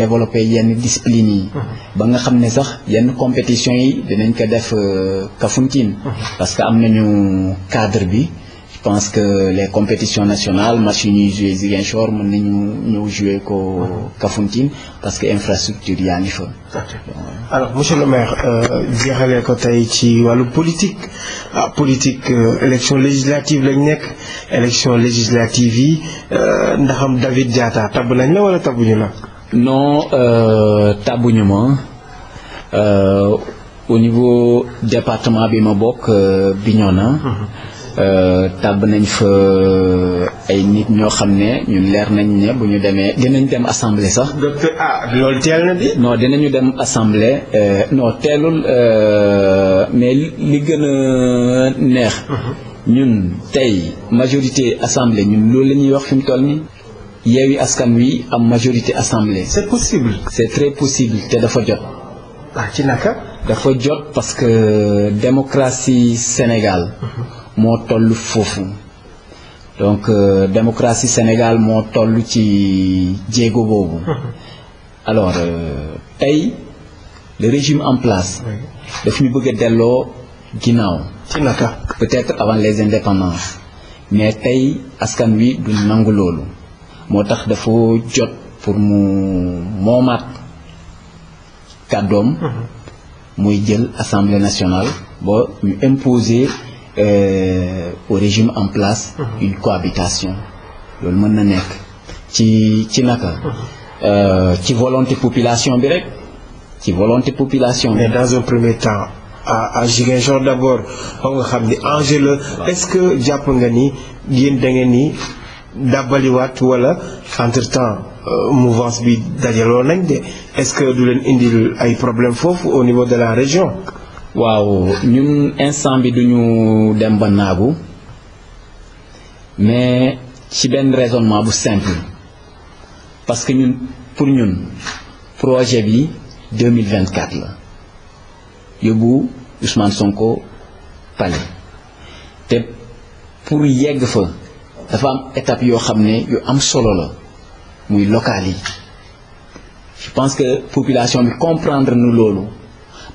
A: développer yenn discipline yi. Mhm. ba nga xam ne sax yenn compétition yi dinañ ko def euh, Kafountine. Mhm. parce que am nañu cadre bi. pense que les compétitions nationales match yi ñuy joué Ziguinchor mën nañu ñëw joué ko Kafountine parce que infrastructure yaa ngi fa.
B: alors monsieur euh, jeexalee ko tey ci wàllu politique ah politique euh, élection législative lañ nekk élection législative yi euh, ndaxam David Diatta tabb nañ la wala tabbuñu la.
A: non tabbuñu ma au niveau département bi ma bokk Bignona. Mhm. Euh, tàbb nañ fa euh, ay nit ñoo xam ne ñun leer nañ ne bu ñu demee dinañ dem assemblée sax.
B: docteur ah loolu
A: dinañu dem assemblée euh, non teelul mais li gën a neex. Uh-huh. ñun tey majorité assemblée ñun loolu la ñuy wax fi mu toll nii. yeewi askan wi am majorité assemblée. c'est possible. c'est très possible te dafa jot. Ah, ci naka. dafa jot parce que démocratie Sénégal. Uh -huh. moo toll foofu donc euh, démocratie Sénégal moo toll ci jéego boobu alors euh, tey le régime en place daf ñu bëgg a delloo ginnaaw ci naka peut-être avant les indépendances mais tey askan wi du nangu loolu moo tax dafa jot pour mu moomaat kàddoom mm-hmm. muy jël assemblée nationale ba ñu imposer Euh, au régime en place mhm. une cohabitation loolu mën na nekk ci ci naka mhm. euh, ci volonté population
B: bi rek ci volonté population bi mais dans un premier temps à à Ziguinchor d'abord foo xam ni enjeu la est-ce que jàpp nga ni yéen da ngeen ni dàbbaliwaat wala entre temps euh, mouvance bi dajaloo nañ de est-ce que du leen indi ay problème foofu au niveau de la région waaw ñun
A: instant bi duñu dem ba naagu mais ci benn raisonnement bu simple parce que ñun pour ñun projet bi 2024 la yóbbu Ousmane Sonko palais te pour yegg fa dafa am étape yoo xam ne yu am solo la muy local yi je pense que population bi comprendre nu loolu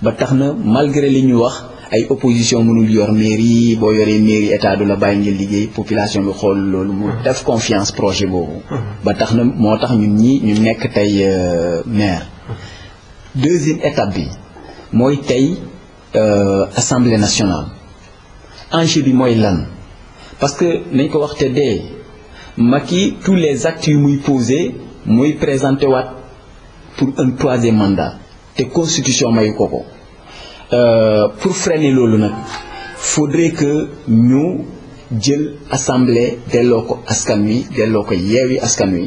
A: ba tax na malgré li ñu wax ay opposition mënul yor mairie boo yoree mairie état du la bàyyi ngeen liggéey population bi xool loolu mu hmm. def confiance projet boobu hmm. ba tax na moo tax ñun ñi ñu nekk tey euh, maire hmm. deuxième étape bi mooy tey euh, assemblée nationale enjeu bi mooy lan parce que nañ ko wax te dee Macky tous les actes yu muy posé muy présenté waat pour un troisième mandat te constitution mayu ko ko euh, pour freiner loolu nag faudrait que ñu jël assemblée delloo ko askan wi delloo ko yeewi askan wi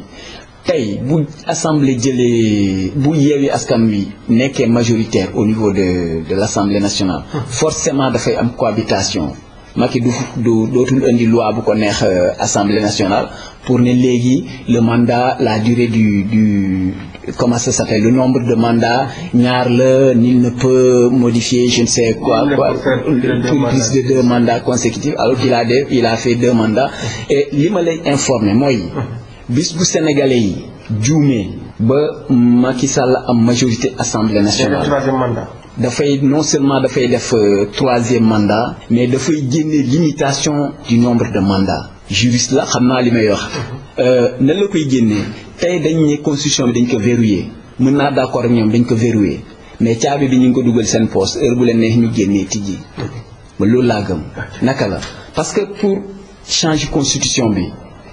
A: tey bu assemblée jëlee bu yeewi askan wi nekkee majoritaire au niveau de de l'assemblée nationale forcément dafay am cohabitation Macky du du dootul indi loi bu ko neex euh, assemblée nationale pour ne léegi le mandat la durée du du comment s'appelle le nombre de mandats ñaar la ni ne peut modifier je ne sais quoi quoi pour plus de deux mandats consécutifs alors qu'il a def il a fait deux mandats et li ma lay informer mooy bis bu sénégalais yi juumee ba Macky Sall am majorité assemblée nationale dafay non seulement dafay def euh, troisième mandat mais dafay génne limitation du nombre de mandats juriste la xam naa li may wax mhm. euh, nan la koy génnee tey dañ ne constitution bi dañ ko verrouillé mën naa d'accord ak ñoom dañ ko verrouillé mais caabi bi ñu ngi ko dugal seen poste heure bu leen neex ñu génnee tijji ma loolu laa gëm naka la parce que pour changer constitution bi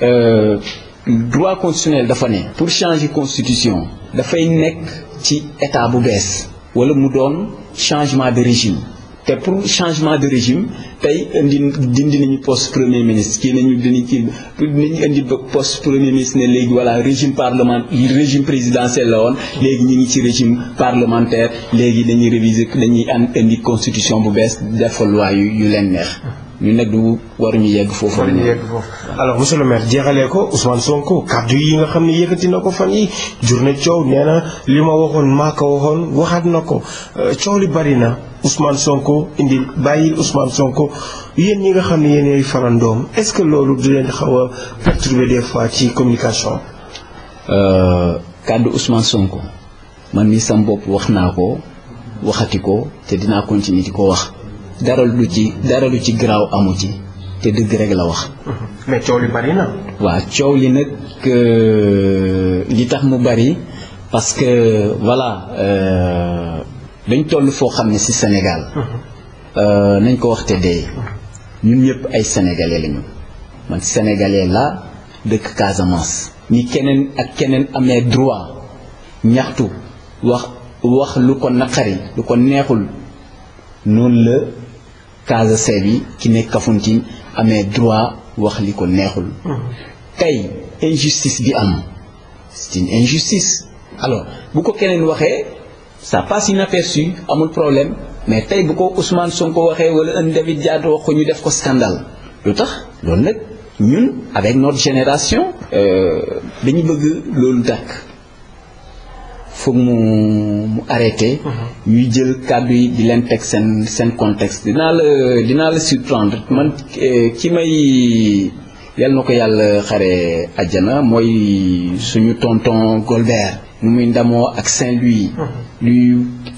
A: euh, droit constitutionnel dafa ne pour changer constitution dafay nekk ci état bu bees wala mu doon changement de régime te pour changement de régime tey indi dindi nañu poste premier ministre kii nañu dinañ kii dinañ indi poste premier ministre ne léegi voilà régime parlementaire régime présidentiel la woon léegi ñu ngi ci régime parlementaire léegi dañuy réviser dañuy am indi constitution bu bees defal loi
B: yu yu leen neex ñu nag du waruñu yegg foofu. waruñu yegg foofu alors monsieur le jeexalee ko Ousmane Sonko kaddu yi nga xam ne yëkkati na ko fan yi jur na coow nee na li ma waxoon maa ko waxoon waxaat na ko euh, coow li bari na Ousmane Sonko indi bàyyil Ousmane Sonko yéen ñi nga xam ne yéenay farandoom est-ce que loolu du leen xaw a perturber des fois ci communication.
A: Euh, kaddu Ousmane Sonko man mi sam bopp wax naa ko waxati ko te dinaa continuer di ko wax. dara lu ci dara lu ci garaaw amu ci te dëgg rek la wax.
B: mais coow li bari na.
A: waaw coow li nag euh, li tax mu bari parce que voilà euh, dañ toll foo xam ne si Sénégal. Mhm. Euh, nañ ko wax te dee ñun ñëpp ay sénégalais lañu man sénégalais la dëkk Casamance. ni keneen ak keneen amee droit ñaxtu wax wax lu ko naqari lu ko neexul noonu la. Casa Sebi ki nekk Kafountine amee droit wax li ko neexul. tey injustice bi am c'est une injustice. alors bu ko keneen waxee sa ça passe inaperçu amul problème mais tey bu ko Ousmane ko waxee wala un David Diatta wax ko ñu def ko scandale lu tax loolu nag ñun avec notre génération. Euh, dañu bëgg loolu dàkk. foog mu mu arrêté. Uh-huh. ñuy jël kàddu yi di leen teg seen seen contexte dinaa la dinaa la surprendre man eh, ki may yal na ko yàlla xare ajana mooy suñu tonton Golbert. nu muy ndamoo ak Saint-Louis. Uh-huh. lui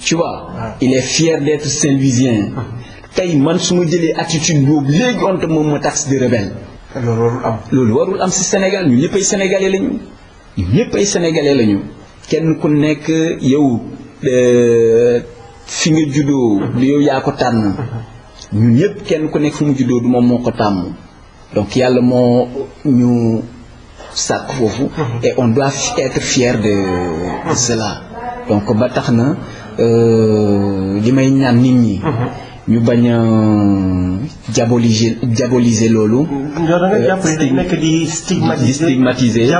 A: tu vois. Uh-huh. il est fier d'être Saint-Louisien. tey man su ma jëlee attitude boobu léegi onte moom ma tax de rebelle. loolu warul am si Sénégal ñu ñëpp ay sénégalais lañu ñu ñëpp ay sénégalais lañu. kenn ku nekk yow euh, fi nga juddoo lu yow yaa ko tànn ñun ñëpp kenn ku nekk fu mu juddoo du moom moo ko tàmm donc yàlla moo ñu sàkk foofu mhm. et on doit être fier de mhm. cela donc ba tax na euh, li may ñaan nit ñi mhm. ñu bañ a diaboliser diaboliser loolu.
B: nekk di euh, stigmatiser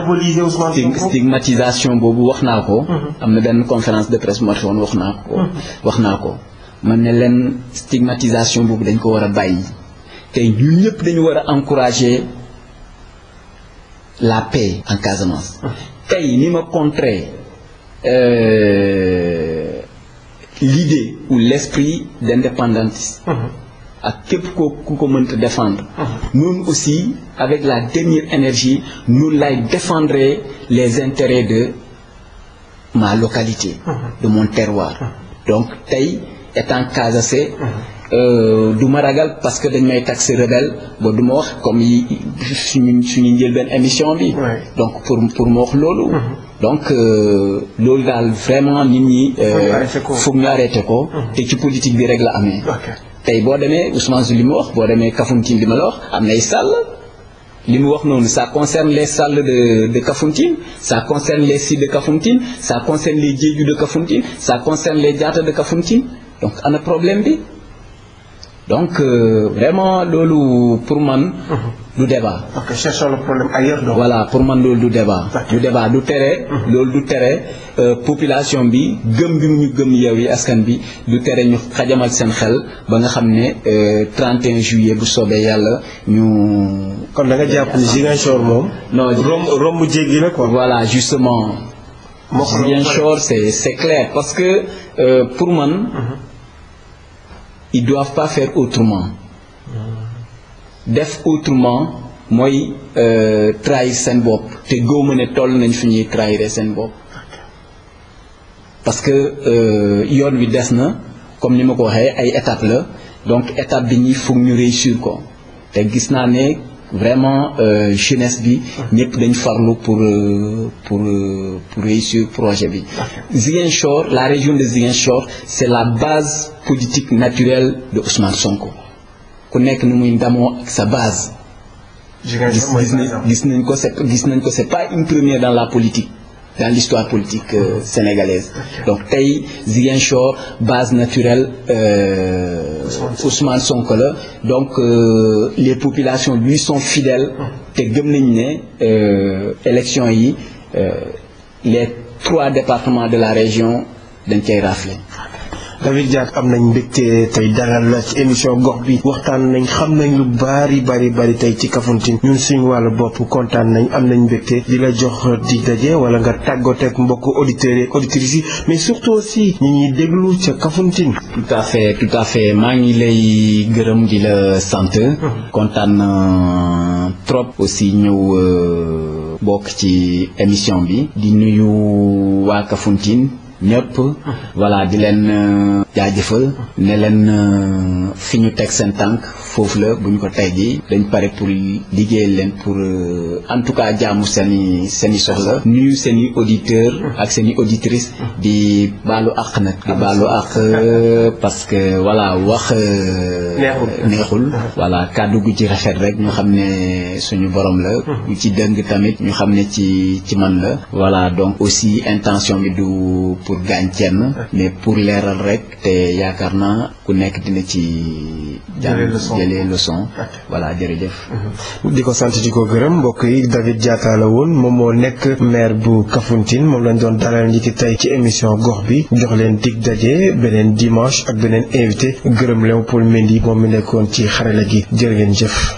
A: stigmatisation boobu wax naa ko. Mhm. am na benn conférence de presse moo wax naa ko. Mhm. wax naa ko man ne leen stigmatisation boobu dañ ko war a bàyyi tey ñun ñëpp dañu war a encourager la paix en Casamance. Mhm. tey ni ma contrer euh, l'idée ou l'esprit d'indépendantiste. ak képp ko ku ko mënta aussi avec la dernière énergie nous lay défendre les intérêts de ma localité. de mon terroir. donc tey étant Casamançais. Euh, du ma ragal parce que dañ may taxe rebelle ba du ma wax comme yi suñu suñu émission bi. donc pour ma wax loolu. donc euh, loolu daal vraiment nit ñi. Euh, foog ñu arrêté ko te ci politique bi rek la amee. tey boo demee Ousmane li mu wax boo demee Kafountine li ma la wax am nay sàll. li mu wax noonu ça concerne les salles de de Kafountine ça concerne les sites de Kafountine ça concerne les jéju de Kafountine ça concerne les jaata de Kafountine donc ana problème bi. donc euh, vraiment loolu pour man. Mhm. du débat. ok cherchons le problème pour man loolu du débat. du débat du tere. Mhm. loolu du tere euh, population bi gëm bi mu ñu gëm Yewwi Askan bi du tere ñu xajamal seen xel ba nga xam ne 31 euh, juillet bu soobee yàlla ñu. kon da nga jàpp ni Ziguinchor moom. non romb romb jéggi la quoi. voilà justement. Ziguinchor c'est c'est parce que euh, pour man. Mhm. ils doivent pas faire autrement def autrement mooy euh, trahir seen bopp te góoma ne toll nañ fi ñuy trahiré seen bopp parce que euh, yoon wi des na comme ni ma ko waxee ay étape la donc étape bi ñuy foog ñu réussir ko te gis naa ne vraiment chinese euh, bi ñëpp dañ farlu pour euh, pour euh, pour réussir projet bi Ziguinchor la région de Ziguinchor c'est la base politique naturelle de Ousmane Sonko ku nekk ni muy ndamoo ak sa base gis nañ ko c'est gis nañ ko c'est pas une première dans la politique dans l'histoire politique euh, sénégalaise okay. donc tey Ziguinchor base naturelle euh, Ousmane Sonko la donc euh, les populations lui sont fidèles hmm. te gëm nañu ne euh, élection yi euh, les trois départements de la région dañ cay rafle
B: David Diack am nañ mbégte tey dalal la ci émission gox bi waxtaan nañ xam nañ lu bari bari bari tey ci Kafountine ñun suñu wàllu bopp kontaan nañ am nañ mbégte di la jox di daje wala nga tàggateeg mbokk auditeurs yi auditrices yi mais surtout aussi ñu ñuy déglu ca Kafountine.
A: tout à fait tout à fait maa ngi lay gërëm di la sant. kontaan trop aussi ñëw euh, bokk ci émission bi di nuyu waa Kafountine. ñëpp voilà di leen euh, jaajëfal ne leen euh, fi ñu teg seen tànk foofu la bu ñu ko tey ji dañ pare pour liggéey leen pour euh, en tout cas jaamu seen i seen i soxla nuyu seen i auditeur ak seen i auditrices di baalu àq nag di baalu àq parce que voilà wax neexul voilà kàddu gu ci rafet rek ñu xam ne suñu borom la bu ci dëng tamit ñu xam ne ci ci man la voilà donc aussi intention bi du pour gaañ kenn mais pour leeral rek te yaakaar naa ku nekk dina ci
B: jàng jëlee
A: leçon voilà jërëjëf mhm.
B: di ko sant di ko gërëm mbokk yi David Diatta woon moom moo nekk maire bu Kafountine moom lañ doon dalal ñi ci tey ci émission gox bi jox leen dig daje beneen dimanche ak beneen invité gërëm Léopold Mendy moom mu nekkoon ci xarala gi jërë ngeen jëf